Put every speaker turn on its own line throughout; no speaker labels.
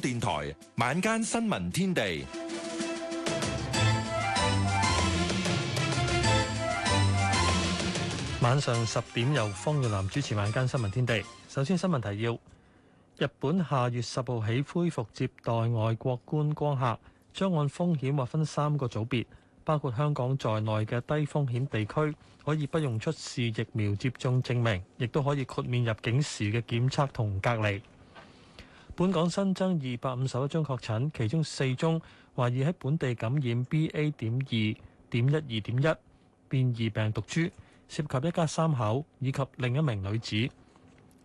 電台晚間新聞天地，晚上十點由方月蘭主持晚間新聞天地。首先新聞提要：日本下月十號起恢復接待外國觀光客，將按風險劃分三個組別，包括香港在內嘅低風險地區，可以不用出示疫苗接種證明，亦都可以豁免入境時嘅檢測同隔離。本港新增二百五十一宗確診，其中四宗懷疑喺本地感染 BA. 點二點一二點一變異病毒株，涉及一家三口以及另一名女子。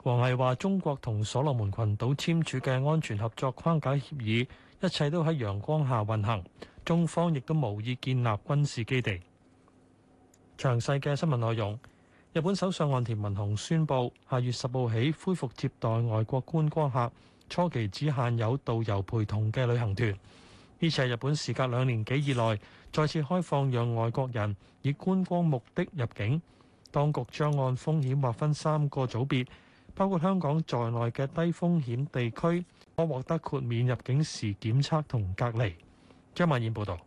王毅話：中國同所羅門群島簽署嘅安全合作框架協議，一切都喺陽光下運行，中方亦都無意建立軍事基地。詳細嘅新聞內容，日本首相岸田文雄宣布下月十號起恢復接待外國觀光客。初期只限有導遊陪同嘅旅行團，呢次係日本時隔兩年幾以來再次開放讓外國人以觀光目的入境，當局將按風險劃分三個組別，包括香港在內嘅低風險地區可獲得豁免入境時檢測同隔離，張曼燕報道。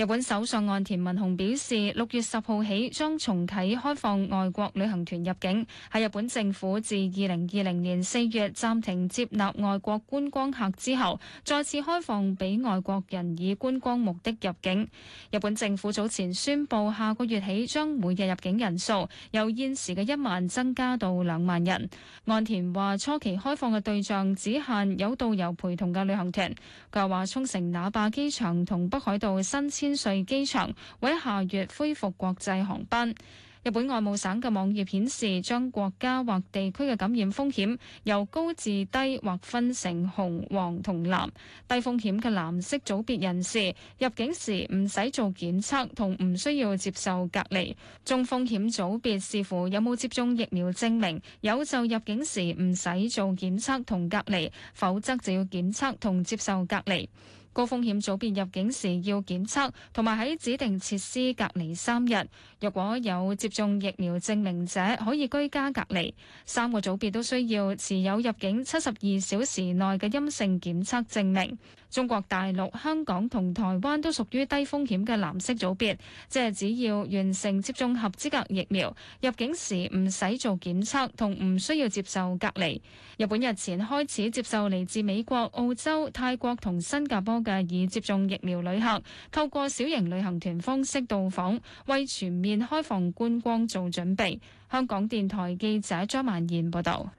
日本首相岸田文雄表示，六月十號起將重啟開放外國旅行團入境，係日本政府自二零二零年四月暫停接納外國觀光客之後，再次開放俾外國人以觀光目的入境。日本政府早前宣布，下個月起將每日入境人數由現時嘅一萬增加到兩萬人。岸田話初期開放嘅對象只限有導遊陪同嘅旅行團。佢話沖繩那霸機場同北海道新千。天瑞機場會喺下月恢復國際航班。日本外務省嘅網頁顯示，將國家或地區嘅感染風險由高至低劃分成紅、黃同藍。低風險嘅藍色組別人士入境時唔使做檢測同唔需要接受隔離。中風險組別視乎有冇接種疫苗證明，有就入境時唔使做檢測同隔離，否則就要檢測同接受隔離。高風險組別入境時要檢測，同埋喺指定設施隔離三日。若果有接種疫苗證明者，可以居家隔離。三個組別都需要持有入境七十二小時內嘅陰性檢測證明。中國大陸、香港同台灣都屬於低風險嘅藍色組別，即係只要完成接種合資格疫苗，入境時唔使做檢測，同唔需要接受隔離。日本日前開始接受嚟自美國、澳洲、泰國同新加坡。嘅已接種疫苗旅客透過小型旅行團方式到訪，為全面開放觀光做準備。香港電台記者張曼燕報道。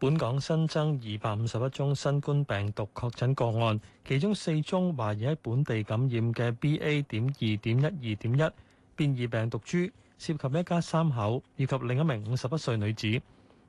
本港新增二百五十一宗新冠病毒確診個案，其中四宗懷疑喺本地感染嘅 BA 點二點一二點一變異病毒株，涉及一家三口以及另一名五十一歲女子。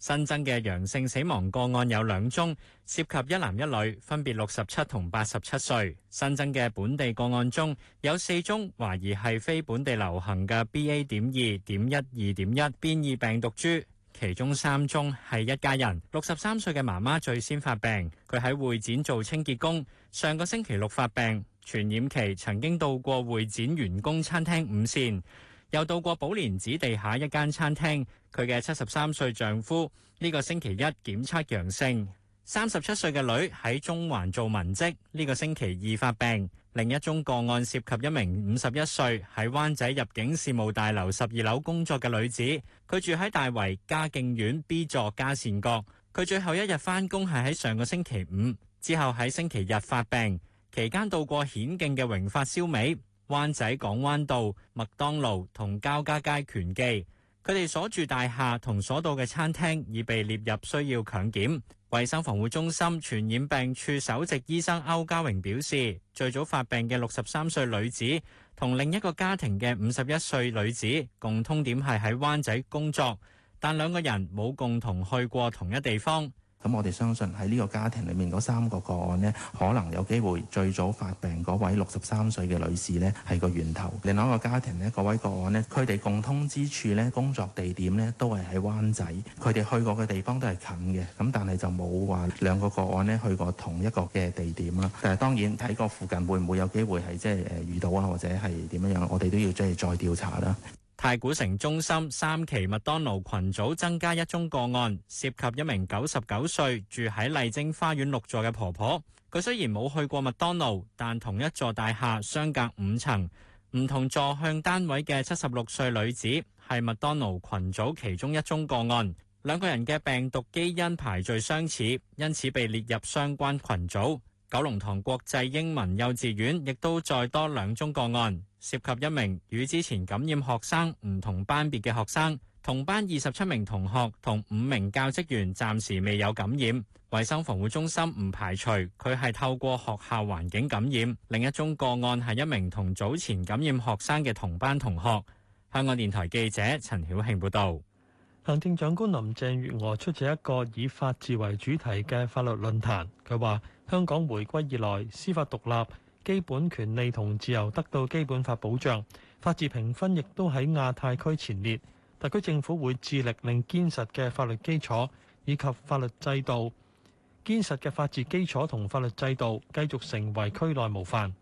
新增嘅陽性死亡個案有兩宗，涉及一男一女，分別六十七同八十七歲。新增嘅本地個案中有四宗懷疑係非本地流行嘅 BA. 點二點一二點一變異病毒株，其中三宗係一家人。六十三歲嘅媽媽最先發病，佢喺會展做清潔工，上個星期六發病，傳染期曾經到過會展員工餐廳午膳。又到過寶蓮寺地下一間餐廳，佢嘅七十三歲丈夫呢個星期一檢測陽性，三十七歲嘅女喺中環做文職，呢個星期二發病。另一宗個案涉及一名五十一歲喺灣仔入境事務大樓十二樓工作嘅女子，佢住喺大圍嘉徑苑 B 座嘉善閣，佢最後一日返工係喺上個星期五，之後喺星期日發病，期間到過顯徑嘅榮發燒味。灣仔港灣道麥當勞同交加街拳記，佢哋所住大廈同所到嘅餐廳已被列入需要強檢。衛生防護中心傳染病處首席醫生歐家榮表示，最早發病嘅六十三歲女子同另一個家庭嘅五十一歲女子，共通點係喺灣仔工作，但兩個人冇共同去過同一地方。咁我哋相信喺呢個家庭裏面嗰三個個案呢，可能有機會最早發病嗰位六十三歲嘅女士呢係個源頭。另外一個家庭呢，嗰位個案呢，佢哋共通之處呢，工作地點呢都係喺灣仔，佢哋去過嘅地方都係近嘅。咁但係就冇話兩個個案呢去過同一個嘅地點啦。但係當然睇個附近會唔會有機會係即係遇到啊，或者係點樣樣，我哋都要即係再調查啦。太古城中心三期麥當勞群組增加一宗個案，涉及一名九十九歲住喺麗晶花園六座嘅婆婆。佢雖然冇去過麥當勞，但同一座大廈相隔五層，唔同座向單位嘅七十六歲女子係麥當勞群組其中一宗個案。兩個人嘅病毒基因排序相似，因此被列入相關群組。九龍塘國際英文幼稚園亦都再多兩宗個案。涉及一名與之前感染學生唔同班別嘅學生，同班二十七名同學同五名教職員暫時未有感染。衛生防護中心唔排除佢係透過學校環境感染。另一宗個案係一名同早前感染學生嘅同班同學。香港電台記者陳曉慶報道。
行政長官林鄭月娥出席一個以法治為主題嘅法律論壇，佢話：香港回歸以來，司法獨立。基本權利同自由得到基本法保障，法治評分亦都喺亞太區前列。特區政府會致力令堅實嘅法律基礎以及法律制度。堅實嘅法治基礎同法律制度繼續成為區內模範。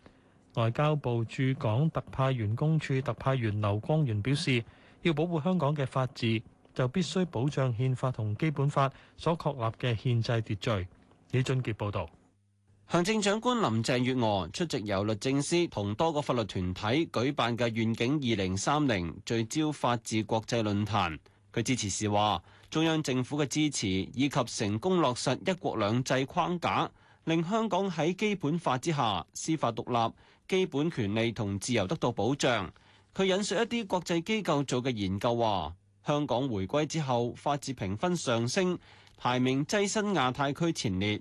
外交部駐港特派員公署特派員劉光源表示，要保護香港嘅法治，就必須保障憲法同基本法所確立嘅憲制秩序。李俊傑報導。
行政長官林鄭月娥出席由律政司同多個法律團體舉辦嘅《願景二零三零聚焦法治國際論壇》，佢致辭時話：中央政府嘅支持以及成功落實一國兩制框架，令香港喺基本法之下司法獨立、基本權利同自由得到保障。佢引述一啲國際機構做嘅研究話，香港回歸之後法治評分上升，排名躋身亞太區前列。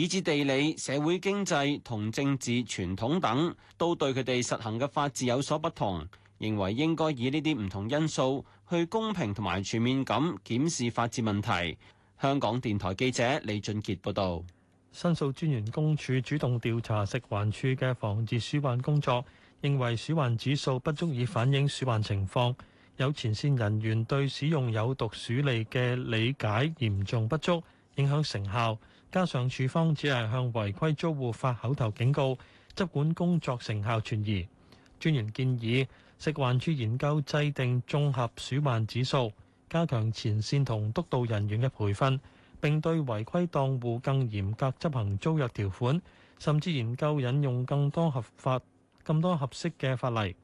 以至地理、社會經濟同政治傳統等，都對佢哋實行嘅法治有所不同。認為應該以呢啲唔同因素去公平同埋全面咁檢視法治問題。香港電台記者李俊杰報道，
申訴專員公署主動調查食環署嘅防治鼠患工作，認為鼠患指數不足以反映鼠患情況，有前線人員對使用有毒鼠利嘅理解嚴重不足，影響成效。加上署方只係向違規租戶發口頭警告，執管工作成效存疑。專員建議食環署研究制定綜合鼠患指數，加強前線同督導人員嘅培訓，並對違規檔戶更嚴格執行租約條款，甚至研究引用更多合法、更多合適嘅法例。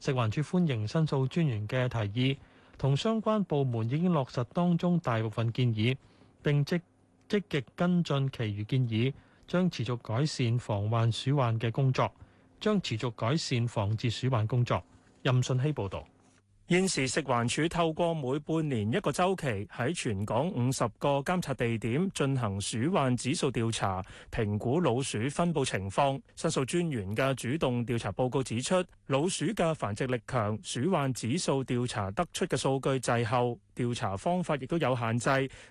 食環署歡迎申訴專員嘅提議，同相關部門已經落實當中大部分建議，並即積極跟進其餘建議，將持續改善防患鼠患嘅工作，將持續改善防治鼠患工作。任信希報導。現時食環署透過
每半年一個周期喺全港五十個監察地點進行鼠患指數調查，評估老鼠分佈情況，申訴專員嘅主動調查報告指出，老鼠嘅繁殖力強，鼠患指數調查得出嘅數據滯後，調查方法亦都有限制，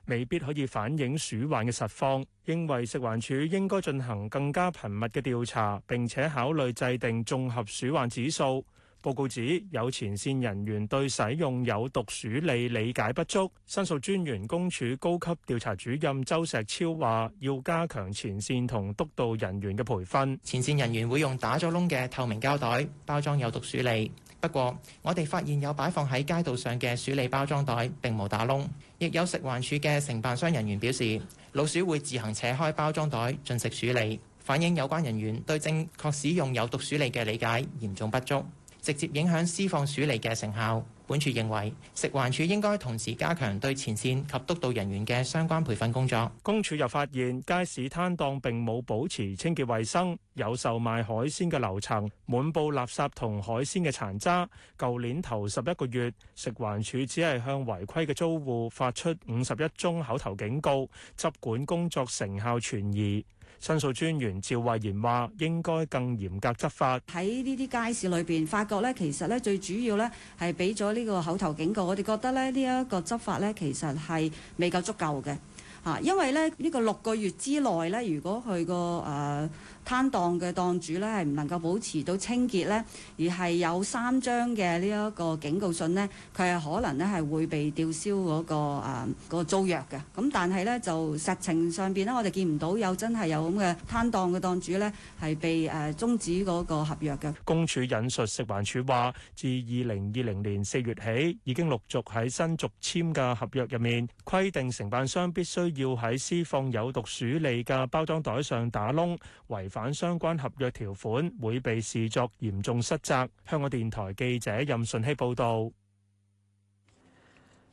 未必可以反映鼠患嘅實況，認為食環署應該進行更加頻密嘅調查，並且考慮制定綜合鼠患指數。報告指有前線人員對使用有毒鼠餌理解不足，申訴專員公署高級調查主任周石超話：要加強前線同督導人員嘅培訓。前線人員會用打咗窿嘅透明膠
袋包裝有毒鼠餌，不過我哋發現有擺放喺街道上嘅鼠餌包裝袋並冇打窿，亦有食環署嘅承辦商人員表示老鼠會自行扯開包裝袋進食鼠餌，反映有關人員對正確使用有毒鼠餌嘅理解嚴重不足。直接影響施放鼠籠嘅成效。本署認為食環署應該同時加強對前線及督導人員嘅相關培訓工作。公署又發現
街市攤檔並冇保持清潔衛生，有售賣海鮮嘅樓層滿布垃圾同海鮮嘅殘渣。舊年頭十一個月，食環署只係向違規嘅租戶發出五十一宗口頭警告，執管工作成效存疑。申訴專員趙慧賢話，應該更嚴格執法。喺
呢啲街市裏邊，發覺咧，其實咧，最主要咧係俾咗呢個口頭警告。我哋覺得咧，這個、執呢一個執法咧，其實係未夠足夠嘅。吓，因為咧呢、這個六個月之內咧，如果佢個誒，呃攤檔嘅檔主咧係唔能夠保持到清潔咧，而係有三張嘅呢一個警告信呢，佢係可能咧係會被吊銷嗰、嗰個啊租約嘅。咁但係咧就實情上面呢，我哋見唔到有真係有咁嘅攤檔嘅檔主咧係被誒、啊、中止嗰個合約嘅。
公署引述食環署話，自二零二零年四月起，已經陸續喺新續簽嘅合約入面規定，承辦商必須要喺私放有毒鼠利嘅包裝袋上打窿，違反。反相關合約條款會被視作嚴重失責。香港電台記者任順希報導，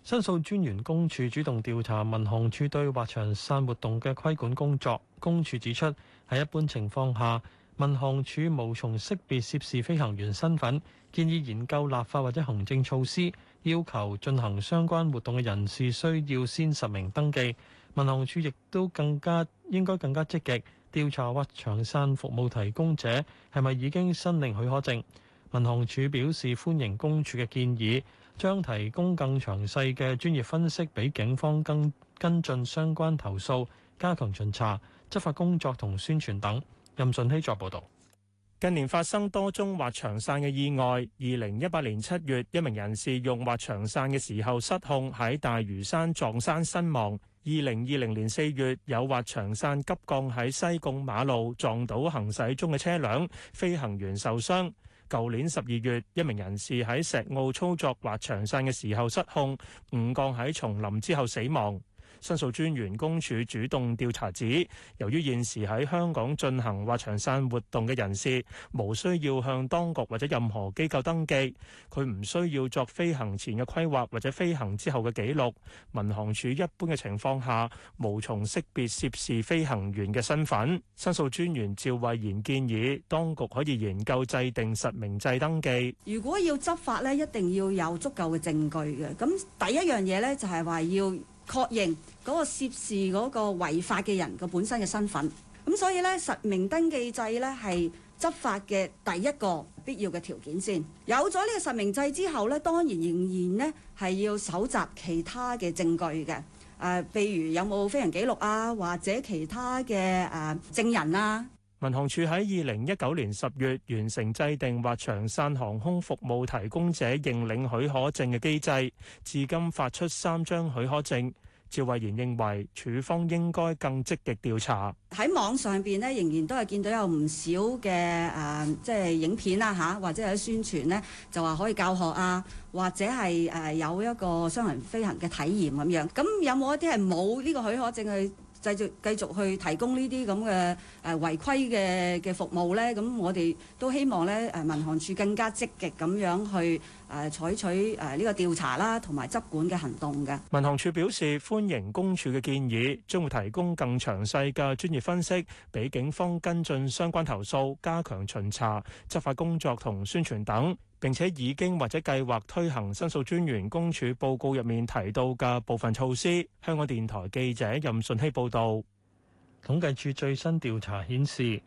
申訴專員公署主動調查民航處對滑翔傘活動嘅規管工作。公署指出，喺一般情況下，民航處無從識別涉事飛行員身份，建議研究立法或者行政措施，要求進行相關活動嘅人士需要先實名登記。民航處亦都更加應該更加積極。調查滑翔傘服務提供者係咪已經申領許可證？民航處表示歡迎公署嘅建議，將提供更詳細嘅專業分析俾警方跟跟進相關投訴，加強巡查、執法工作同宣傳等。任順希作報導。近年發生多宗
滑翔傘嘅意外。二零一八年七月，一名人士用滑翔傘嘅時候失控喺大嶼山撞山身亡。二零二零年四月，有滑翔傘急降喺西貢馬路撞到行駛中嘅車輛，飛行員受傷。舊年十二月，一名人士喺石澳操作滑翔傘嘅時候失控，誤降喺叢林之後死亡。申訴專員公署主動調查指，由於現時喺香港進行滑翔傘活動嘅人士，無需要向當局或者任何機構登記，佢唔需要作飛行前嘅規劃或者飛行之後嘅記錄。民航處一般嘅情況下，無從識別涉事飛行員嘅身份。申訴專員趙慧賢建議，當局可以研究制定實名制登記。
如果要執法呢，一定要有足夠嘅證據嘅。咁第一樣嘢呢，就係話要。確認嗰個涉事嗰個違法嘅人嘅本身嘅身份，咁所以咧實名登記制咧係執法嘅第一個必要嘅條件先。有咗呢個實名制之後咧，當然仍然咧係要搜集其他嘅證據嘅。誒、呃，譬如有冇飛行記錄啊，或者其他嘅誒、呃、證人啊。
民航處喺二零一九年十月完成制定或詳盡航空服務提供者認領許可證嘅機制，至今發出三張許可證。趙慧賢認為，處方應該更積極調查。
喺網上邊呢，仍然都係見到有唔少嘅誒、呃，即係影片啊、吓，或者係宣傳呢，就話可以教學啊，或者係誒有一個雙人飛行嘅體驗咁樣。咁有冇一啲係冇呢個許可證去，繼續繼續去提供呢啲咁嘅誒違規嘅嘅服務咧，咁我哋都希望咧誒民航處更加積極咁樣去誒採取誒呢個調查啦，同埋執管嘅
行動嘅。民航處表示歡迎公署嘅建議，將會提供更詳細嘅專業分析，俾警方跟進相關投訴、加強巡查、執法工作同宣傳等。並且已經或者計劃推行申訴專員公署報告入面提到嘅部分措施。香港電台記者任順希報道。統
計處最新調查顯示，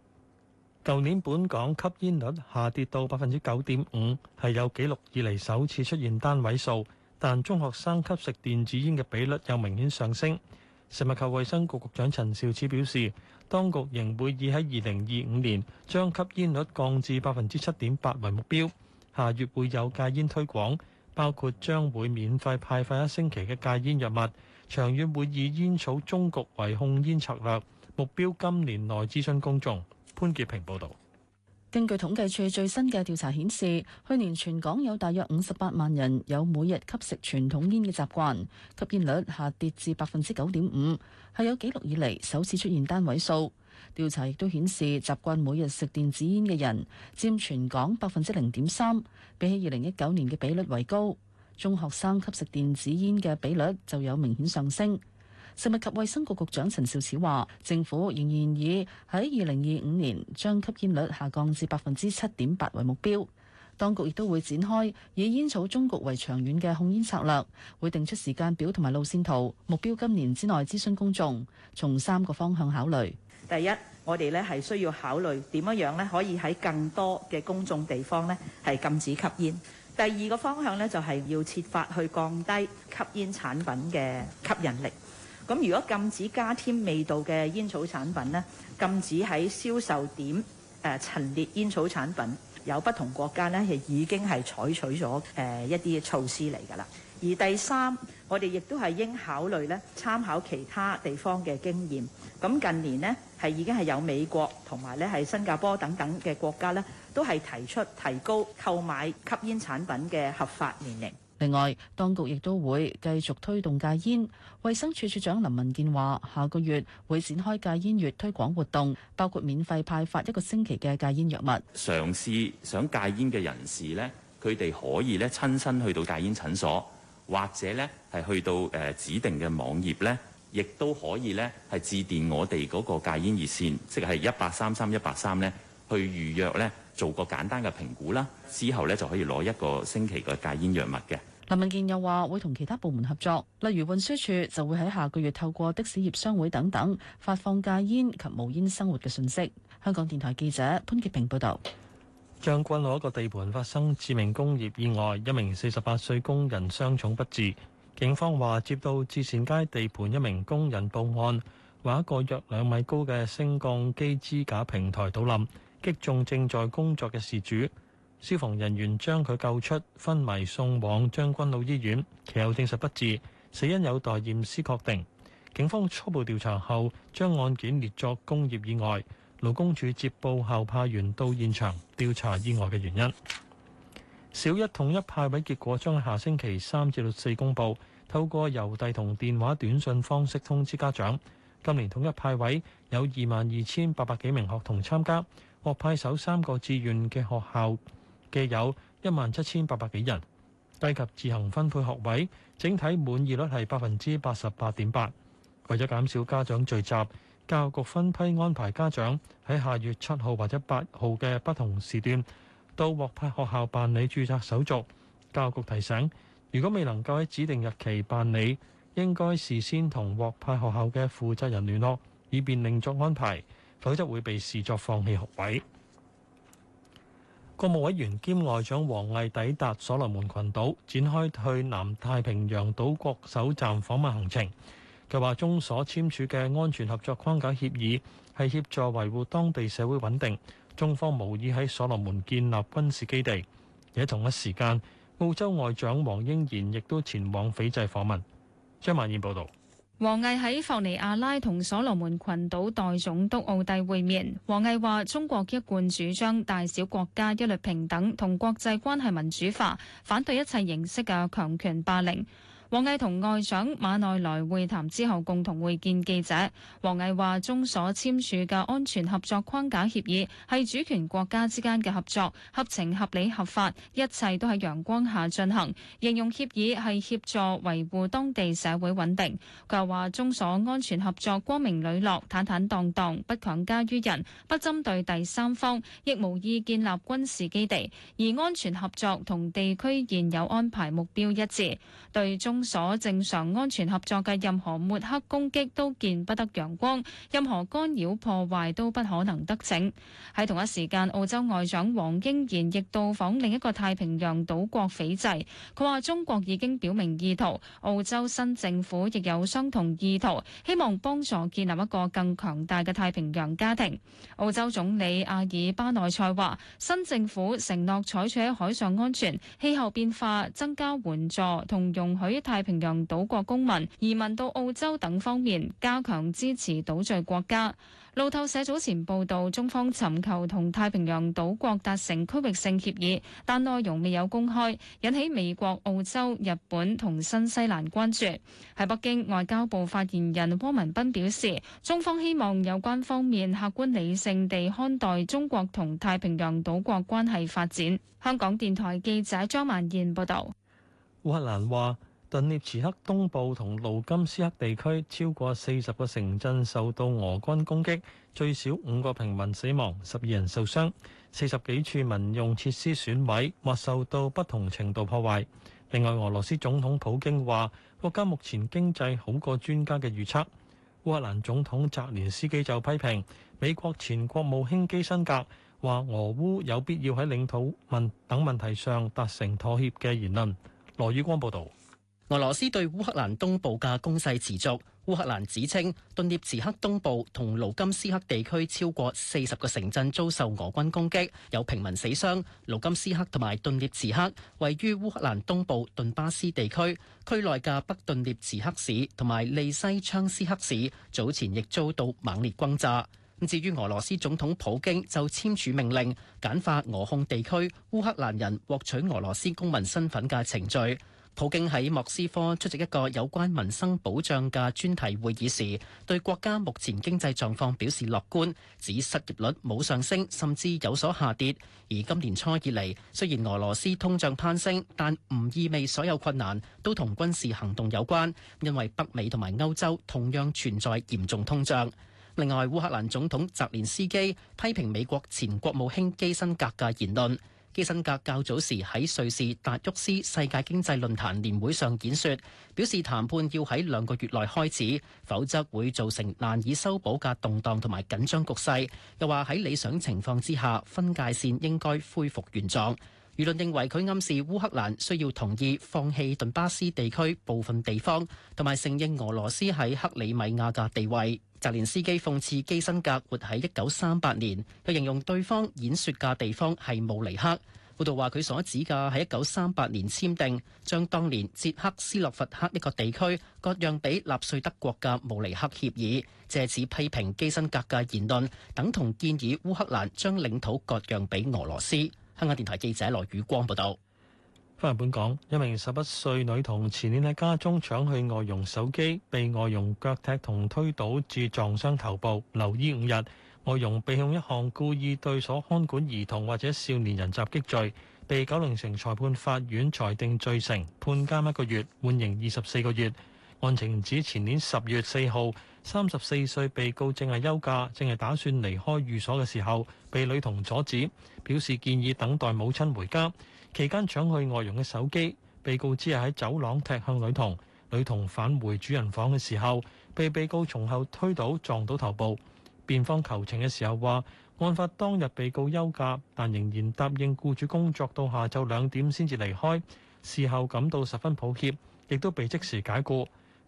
舊年本港吸煙率下跌到百分之九點五，係有紀錄以嚟，首次出現單位數，但中學生吸食電子煙嘅比率有明顯上升。食物及衛生局局長陳肇始表示，當局仍會以喺二零二五年將吸煙率降至百分之七點八為目標。下月會有戒煙推廣，包括將會免費派發一星期嘅戒煙藥物，長遠會以煙草中局為控煙策略，目標今年內諮詢公眾。潘潔平報導。
根據統計處最新嘅調查顯示，去年全港有大約五十八萬人有每日吸食傳統煙嘅習慣，吸煙率下跌至百分之九點五，係有記錄以嚟首次出現單位數。調查亦都顯示，習慣每日食電子煙嘅人佔全港百分之零點三，比起二零一九年嘅比率為高。中學生吸食電子煙嘅比率就有明顯上升。食物及衛生局局長陳肇始話：政府仍然以喺二零二五年將吸煙率下降至百分之七點八為目標。當局亦都會展開以煙草終局為長遠嘅控煙策略，會定出時間表同埋路線圖。目標今年之內諮詢公眾，從三個方向考慮。第一，我哋咧係需要考慮點樣樣咧可以喺更多嘅公眾地方咧係禁止吸煙。第二個方向咧就係要設法去降低吸煙產品嘅吸引力。咁如果禁止加添味道嘅煙草產品呢，禁止喺銷售點誒、呃、陳列煙草產品，有不同國家呢，係已經係採取咗誒、呃、一啲嘅措施嚟㗎啦。而第三，我哋亦都係應考慮呢參考其他地方嘅經驗。咁、嗯、近年呢，係已經係有美國同埋咧係新加坡等等嘅國家呢，都係提出提高購買吸煙產品嘅合法年齡。另外，當局亦都會繼續推動戒煙。衛生署署長林文健話，下個月會展開戒煙月推廣活動，包括免費派發一個星期嘅戒煙藥物。
嘗試想戒煙嘅人士呢，佢哋可以呢親身去到戒煙診所，或者呢係去到誒指定嘅網頁呢，亦都可以呢係致電我哋嗰個戒煙熱線，即係一八三三一八三呢去預約，呢做個簡單嘅評估啦，之後呢，就可以攞一個星期嘅戒煙藥物嘅。
林文健又話會同其他部門合作，例如運輸處就會喺下個月透過的士業商會等等發放戒煙及無煙生活嘅信息。香港電台記者潘潔平報導。
將軍澳一個地盤發生致命工業意外，一名四十八歲工人傷重不治。警方話接到至善街地盤一名工人報案，話一個約兩米高嘅升降機支架平台倒冧，擊中正在工作嘅事主。消防人員將佢救出，昏迷送往將軍澳醫院，其後證實不治，死因有待驗屍確定。警方初步調查後，將案件列作工業意外。勞工處接報後，派員到現場調查意外嘅原因。小一統一派位結果將下星期三至六四公佈，透過郵遞同電話短信方式通知家長。今年統一派位有二萬二千八百幾名學童參加，獲派首三個志願嘅學校嘅有一萬七千八百幾人，低及自行分配學位，整體滿意率係百分之八十八點八。為咗減少家長聚集，教育局分批安排家長喺下月七號或者八號嘅不同時段到獲派學校辦理註冊手續。教育局提醒，如果未能夠喺指定日期辦理，應該事先同獲派學校嘅負責人聯絡，以便另作安排，否則會被視作放棄學位。國務委員兼外長王毅抵達所羅門群島，展開去南太平洋島國首站訪問行程。佢話中所簽署嘅安全合作框架協議，係協助維護當地社會穩定。中方無意喺所羅門建立軍事基地。而喺同一時間，澳洲外長黃英賢亦都前往斐濟訪問。張曼燕報道。
王毅喺霍尼亞拉同所羅門群島代總督奧蒂會面。王毅話：中國一貫主張大小國家一律平等，同國際關係民主化，反對一切形式嘅強權霸凌。王毅同外長馬內萊會談之後共同會見記者。王毅話，中所簽署嘅安全合作框架協議係主權國家之間嘅合作，合情合理合法，一切都喺陽光下進行。形容協議係協助維護當地社會穩定。佢又話：中所安全合作光明磊落、坦坦蕩蕩，不強加於人，不針對第三方，亦無意建立軍事基地。而安全合作同地區現有安排目標一致，對中。所正常安全合作嘅任何抹黑攻擊都見不得陽光，任何干擾破壞都不可能得逞。喺同一時間，澳洲外長黃英賢亦到訪另一個太平洋島國斐濟，佢話中國已經表明意圖，澳洲新政府亦有相同意圖，希望幫助建立一個更強大嘅太平洋家庭。澳洲總理阿爾巴內塞話，新政府承諾採取海上安全、氣候變化、增加援助同容許。太平洋島國公民移民到澳洲等方面加強支持島嶼國家。路透社早前報道，中方尋求同太平洋島國達成區域性協議，但內容未有公開，引起美國、澳洲、日本同新西蘭關注。喺北京，外交部發言人汪文斌表示，中方希望有關方面客觀理性地看待中國同太平洋島國關係發展。香港電台記者張萬燕報道。
烏克蘭話。頓涅茨克東部同盧甘斯克地區超過四十個城鎮受到俄軍攻擊，最少五個平民死亡，十二人受傷，四十幾處民用設施損毀或受到不同程度破壞。另外，俄羅斯總統普京話國家目前經濟好過專家嘅預測。烏克蘭總統澤連斯基就批評美國前國務卿基辛格話俄烏有必要喺領土問
等問題上達成妥協嘅言論。羅宇光報道。俄羅斯對烏克蘭東部嘅攻勢持續。烏克蘭指稱頓涅茨克東部同盧甘斯克地區超過四十個城鎮遭受俄軍攻擊，有平民死傷。盧甘斯克同埋頓涅茨克位於烏克蘭東部頓巴斯地區，區內嘅北頓涅茨克市同埋利西昌斯克市早前亦遭到猛烈轟炸。至於俄羅斯總統普京就簽署命令簡化俄控地區烏克蘭人獲取俄羅斯公民身份嘅程序。普京喺莫斯科出席一個有關民生保障嘅專題會議時，對國家目前經濟狀況表示樂觀，指失業率冇上升，甚至有所下跌。而今年初以嚟，雖然俄羅斯通脹攀升，但唔意味所有困難都同軍事行動有關，因為北美同埋歐洲同樣存在嚴重通脹，另外，烏克蘭總統澤連斯基批評美國前國務卿基辛格嘅言論。基辛格較早時喺瑞士達沃斯世界經濟論壇年會上演說，表示談判要喺兩個月內開始，否則會造成難以修補嘅動盪同埋緊張局勢。又話喺理想情況之下，分界線應該恢復原狀。輿論認為佢暗示烏克蘭需要同意放棄頓巴斯地區部分地方，同埋承認俄羅斯喺克里米亞嘅地位。澤連斯基諷刺基辛格活喺一九三八年，佢形容對方演說嘅地方係慕尼黑。報道話佢所指嘅係一九三八年簽訂將當年捷克斯洛伐克一個地區割讓俾納粹德國嘅慕尼黑協議，藉此批評基辛格嘅言論，等同建議烏克蘭將領土割讓俾俄羅斯。香港電台記者羅宇光報道：
翻嚟本港，一名十一歲女童前年喺家中搶去外傭手機，被外傭腳踢同推倒，致撞傷頭部，留醫五日。外傭被控一項故意對所看管兒童或者少年人襲擊罪，被九龍城裁判法院裁定罪成，判監一個月，緩刑二十四個月。案情指前年十月四號，三十四歲被告正係休假，正係打算離開寓所嘅時候，被女童阻止，表示建議等待母親回家。期間搶去外傭嘅手機，被告只係喺走廊踢向女童。女童返回主人房嘅時候，被被告從後推倒，撞到頭部。辯方求情嘅時候話，案發當日被告休假，但仍然答應雇主工作到下晝兩點先至離開。事後感到十分抱歉，亦都被即時解雇。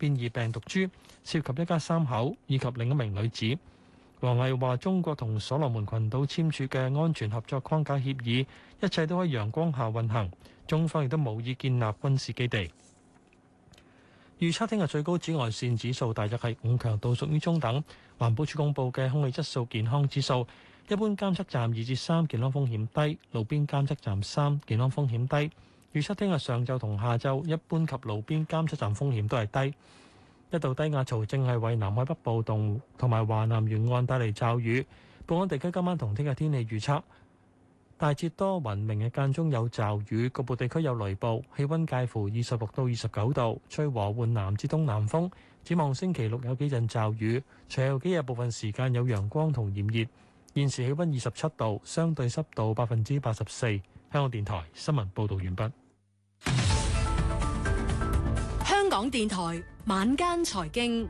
變異病毒株涉及一家三口以及另一名女子。王毅話：中國同所羅門群島簽署嘅安全合作框架協議，一切都喺陽光下運行。中方亦都無意建立軍事基地。預測聽日最高紫外綫指數大約係五強度，屬於中等。環保署公布嘅空氣質素健康指數，一般監測站二至三，健康風險低；路邊監測站三，健康風險低。預測聽日上晝同下晝一般及路邊監測站風險都係低。一度低壓槽正係為南海北部同同埋華南沿岸帶嚟驟雨。本港地區今晚同聽日天氣預測大致多雲，明日間中有驟雨，局部地區有雷暴。氣温介乎二十六到二十九度，吹和緩南至東南風。展望星期六有幾陣驟雨，隨後幾日部分時間有陽光同炎熱。現時氣温二十七度，相對濕度百分之八十四。香港電台新聞報道完畢。
香港電台晚間財經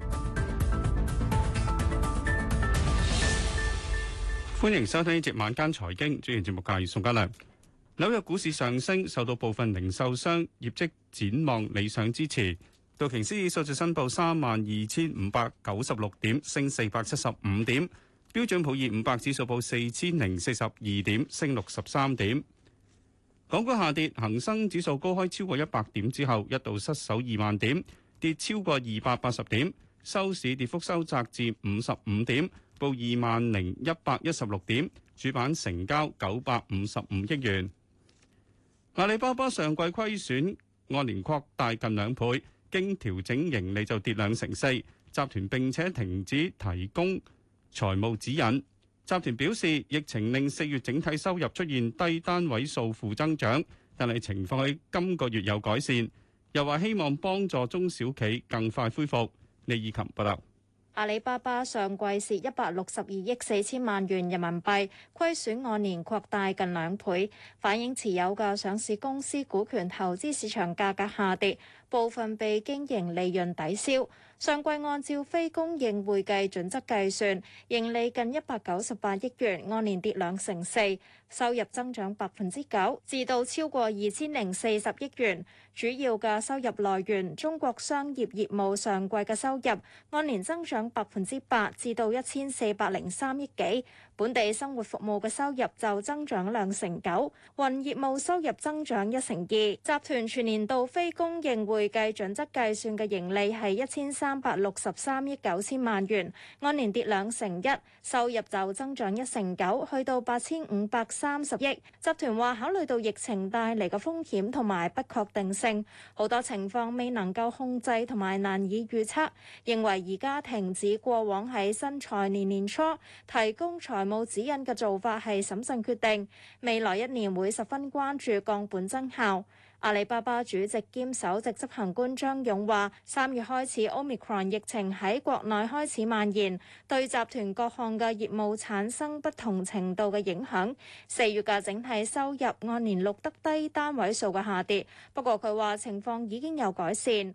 歡迎收聽呢節晚間財經。主持節目嘅係宋家良。紐約股市上升，受到部分零售商業績展望理想支持。道瓊斯指數申報三萬二千五百九十六點，升四百七十五點。標準普爾五百指數報四千零四十二點，升六十三點。港股下跌，恒生指數高開超過一百點之後，一度失守二萬點，跌超過二百八十點，收市跌幅收窄至五十五點，報二萬零一百一十六點，主板成交九百五十五億元。阿里巴巴上季虧損按年擴大近兩倍，經調整盈利就跌兩成四，集團並且停止提供財務指引。集團表示，疫情令四月整體收入出現低單位數負增長，但係情況喺今個月有改善，又話希望幫助中小企更快恢復。李以琴報道，
阿里巴巴上季蝕一百六十二億四千萬元人民幣，虧損按年擴大近兩倍，反映持有嘅上市公司股權投資市場價格下跌。部分被經營利潤抵消。上季按照非公認會計準則計算，盈利近一百九十八億元，按年跌兩成四，收入增長百分之九，至到超過二千零四十億元。主要嘅收入來源，中國商業業務上季嘅收入按年增長百分之八，至到一千四百零三億幾。本地生活服務嘅收入就增長兩成九，雲業務收入增長一成二。集團全年度非公認會會計準則計算嘅盈利係一千三百六十三億九千萬元，按年跌兩成一，收入就增長一成九，去到八千五百三十億。集團話考慮到疫情帶嚟嘅風險同埋不確定性，好多情況未能夠控制同埋難以預測，認為而家停止過往喺新財年年初提供財務指引嘅做法係審慎決定。未來一年會十分關注降本增效。阿里巴巴主席兼首席執行官張勇話：三月開始，Omicron 疫情喺國內開始蔓延，對集團各項嘅業務產生不同程度嘅影響。四月嘅整體收入按年錄得低單位數嘅下跌，不過佢話情況已經有改善。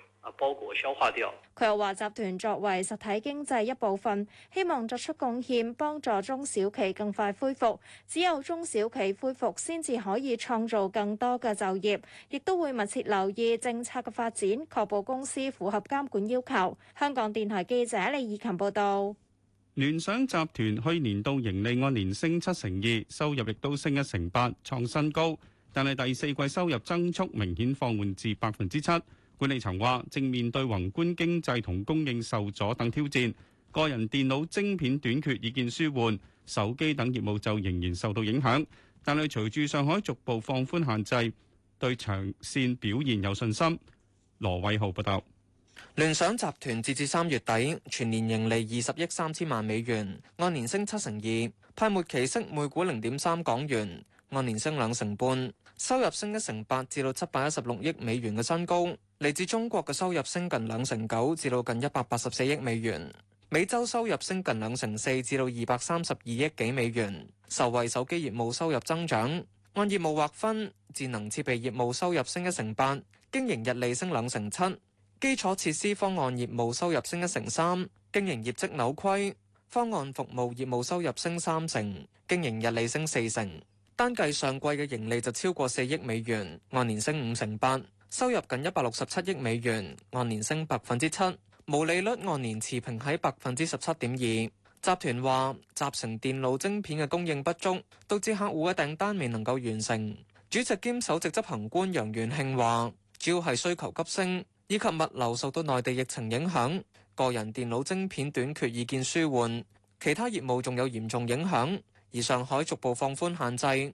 啊！佢又話：集團作為實體經濟一部分，希望作出貢獻，幫助中小企更快恢復。只有中小企恢復，先至可以創造更多嘅就業。亦都會密切留意政策嘅發展，確保公司符合監管要求。香港電台記者李以琴報道。
聯想集團去年度盈利按年升七成二，收入亦都升一成八，創新高。但係第四季收入增速明顯放緩至百分之七。管理層話，正面對宏觀經濟同供應受阻等挑戰。個人電腦晶片短缺已見紓緩，手機等業務就仍然受到影響。但係隨住上海逐步放寬限制，對長線表現有信心。羅偉浩報道。聯想集團截至三月底
全年盈利二十億三千萬美元，按年升七成二，派末期息每股零點三港元，按年升兩成半，收入升一成八，至到七百一十六億美元嘅新高。嚟自中國嘅收入升近兩成九，至到近一百八十四億美元；美洲收入升近兩成四，至到二百三十二億幾美元。受惠手機業務收入增長，按業務劃分，智能設備業務收入升一成八，經營溢利升兩成七；基礎設施方案業務收入升一成三，經營業績扭虧；方案服務業務收入升三成，經營溢利升四成。單計上季嘅盈利就超過四億美元，按年升五成八。收入近一百六十七億美元，按年升百分之七，毛利率按年持平喺百分之十七點二。集團話集成電腦晶片嘅供應不足，導致客戶嘅訂單未能夠完成。主席兼首席執行官楊元慶話，主要係需求急升，以及物流受到內地疫情影響，個人電腦晶片短缺意見舒緩，其他業務仲有嚴重影響，而上海逐步放寬限制。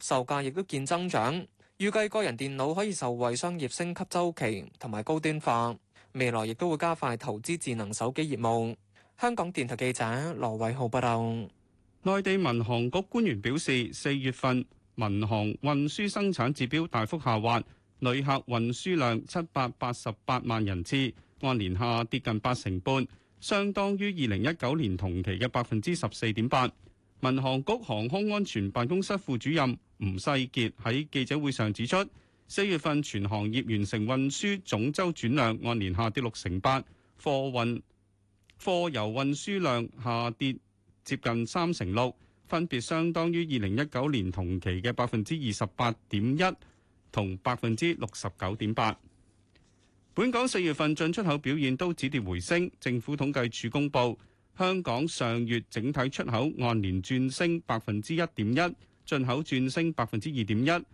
售價亦都見增長，預計個人電腦可以受惠商業升級週期同埋高端化，未來亦都會加快投資智能手機業務。香港電台
記者羅偉浩報道。內地民航局官員表示，四月份民航運輸生產指標大幅下滑，旅客運輸量七百八十八萬人次，按年下跌近八成半，相當於二零一九年同期嘅百分之十四點八。民航局航空安全辦公室副主任吳世傑喺記者會上指出，四月份全行業完成運輸總周轉量按年下跌六成八，貨運、貨郵運輸量下跌接近三成六，分別相當於二零一九年同期嘅百分之二十八點一同百分之六十九點八。本港四月份進出口表現都止跌回升，政府統計處公佈。香港上月整體出口按年轉升百分之一點一，進口轉升百分之二點一。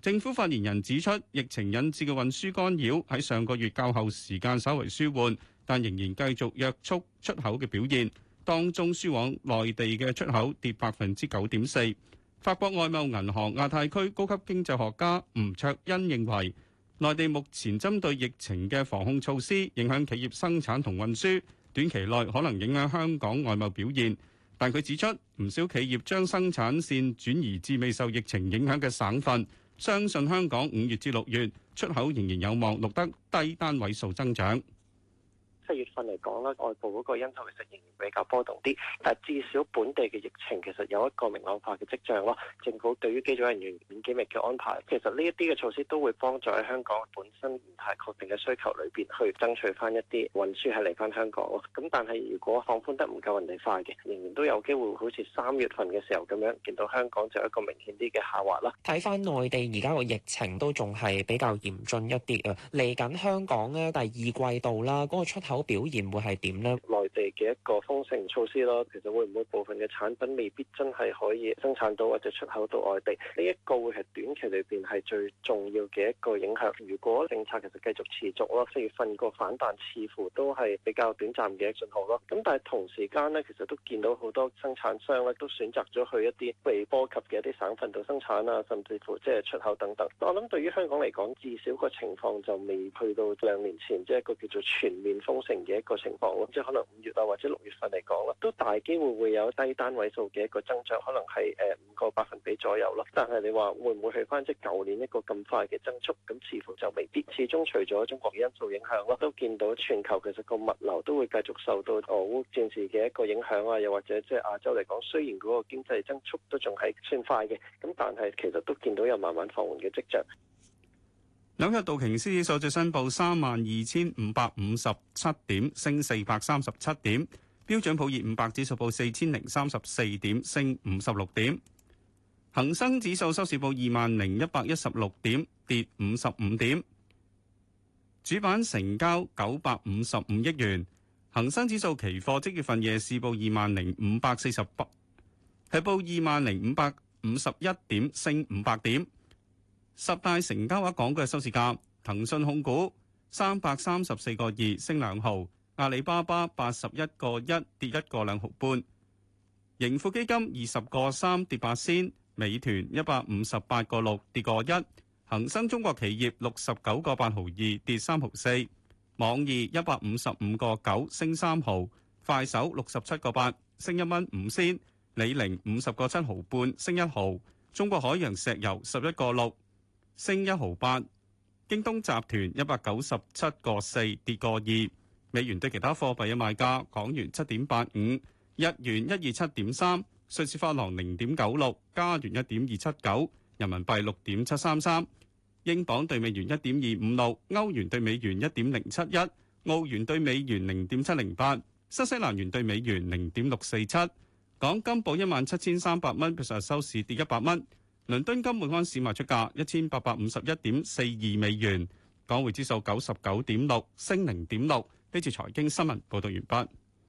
政府發言人指出，疫情引致嘅運輸干擾喺上個月較後時間稍為舒緩，但仍然繼續約束出口嘅表現。當中輸往內地嘅出口跌百分之九點四。法國外貿銀行亞太區高級經濟學家吳卓恩認為，內地目前針對疫情嘅防控措施影響企業生產同運輸。短期內可能影響香港外貿表現，但佢指出唔少企業將生產線轉移至未受疫情影響嘅省份，相信香港五月至六月出口仍然有望錄得低單位數增長。
七月份嚟講咧，外部嗰個因素其實仍然比較波動啲，但係至少本地嘅疫情其實有一個明朗化嘅跡象咯。政府對於機組人員免檢疫嘅安排，其實呢一啲嘅措施都會幫助喺香港本身唔太確定嘅需求裏邊去爭取翻一啲運輸係嚟翻香港。咁但係如果放寬得唔夠人哋快嘅，仍然都有機會好似三月份嘅時候咁樣，見到香港就有一個明顯啲嘅下滑啦。
睇翻內地而家個疫情都仲係比較嚴峻一啲啊，嚟緊香港咧第二季度啦，嗰、那個出口。表現會係點呢？
內地嘅一個封城措施咯，其實會唔會部分嘅產品未必真係可以生產到或者出口到外地？呢、這、一個會係短期裏邊係最重要嘅一個影響。如果政策其實繼續持續咯，四月份個反彈似乎都係比較短暫嘅一個信號咯。咁但係同時間呢，其實都見到好多生產商咧都選擇咗去一啲被波及嘅一啲省份度生產啊，甚至乎即係出口等等。我諗對於香港嚟講，至少個情況就未去到兩年前即係、就是、一個叫做全面封。成嘅一個情況咯，即係可能五月啊或者六月份嚟講啦，都大機會會有低單位數嘅一個增長，可能係誒五個百分比左右咯。但係你話會唔會去翻即係舊年，一個咁快嘅增速，咁似乎就未必。始終除咗中國嘅因素影響咯，都見到全球其實個物流都會繼續受到俄烏戰事嘅一個影響啊，又或者即係亞洲嚟講，雖然嗰個經濟增速都仲係算快嘅，咁但係其實都見到有慢慢放緩嘅跡象。
紐約道瓊斯指數最新報三萬二千五百五十七點，升四百三十七點；標準普爾五百指數報四千零三十四點，升五十六點；恒生指數收市報二萬零一百一十六點，跌五十五點。主板成交九百五十五億元，恒生指數期貨即月份夜市報二萬零五百四十，唔係報二萬零五百五十一點，升五百點。十大成交額講嘅收市價，騰訊控股三百三十四個二升兩毫，阿里巴巴八十一個一跌一個兩毫半，盈富基金二十個三跌八仙，美團一百五十八個六跌個一，恒生中國企業六十九個八毫二跌三毫四，網易一百五十五個九升三毫，快手六十七個八升一蚊五仙，李寧五十個七毫半升一毫，中國海洋石油十一個六，升一毫八，京東集團一百九十七個四，跌個二。美元兌其他貨幣嘅賣價：港元七點八五，日元一二七點三，瑞士法郎零點九六，加元一點二七九，人民幣六點七三三，英鎊兌美元一點二五六，歐元兌美元一點零七一，澳元兌美元零點七零八，新西蘭元兌美元零點六四七。港金報一萬七千三百蚊，比上收市跌一百蚊。倫敦金每安士賣出價一千八百五十一點四二美元，港匯指數九十九點六升零點六。呢次財經新聞報道完畢。